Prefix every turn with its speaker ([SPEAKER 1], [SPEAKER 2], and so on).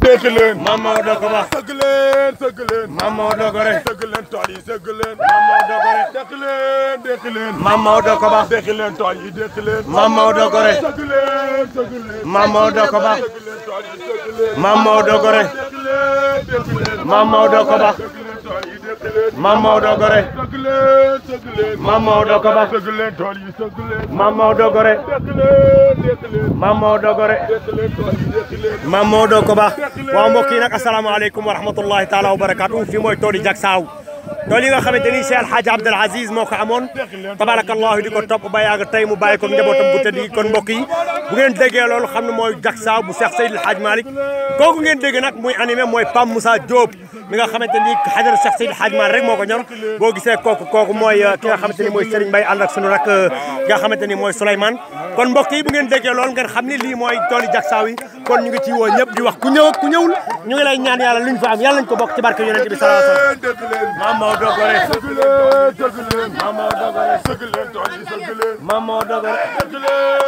[SPEAKER 1] teet leen Mame ko wax sëgg leen sëgg ko rek sëgg leen tool yi sëgg leen ko rek Mame Maodo Goré
[SPEAKER 2] Mame Maodo Kaba
[SPEAKER 1] Mame Maodo Goré Mame Maodo
[SPEAKER 2] Goré
[SPEAKER 3] Mame Maodo Kaba waaw mbokk yi nag asalaamaaleykum wa rahmatullahi taala wa barakaatu fii mooy tool yi jag saaw tool yi nga xamante ni Cheikh El Hadj Abdoul Aziz moo ko amoon tabarakallahu di ko topp ba yàgg tey mu bàyyi ko njabootam bu tëdd yi kon mbokk yi bu ngeen déggee loolu xam ne mooy Jaksa bu Cheikh Seydil Hadj Malick kooku ngeen dégg nag muy animé mooy Pam Moussa Diop mi nga xamante ni xajara Cheikh Seydil Hadj Malick rek moo ko ñor boo gisee kooku kooku mooy uh, ki nga xamante ni mooy Serigne Mbaye ànd ak sunu rak uh, ki nga xamante ni mooy Souleymane kon mbokk yi bu ngeen déggee loolu ngeen xam ne lii mooy tooli Jaksa wi kon ñu ngi ci woo ñëpp di wax ku ñëw ku ñëwul ñu lay ñaan yàlla luñ fa am yàlla nañ ko bokk ci barke yonent
[SPEAKER 1] bi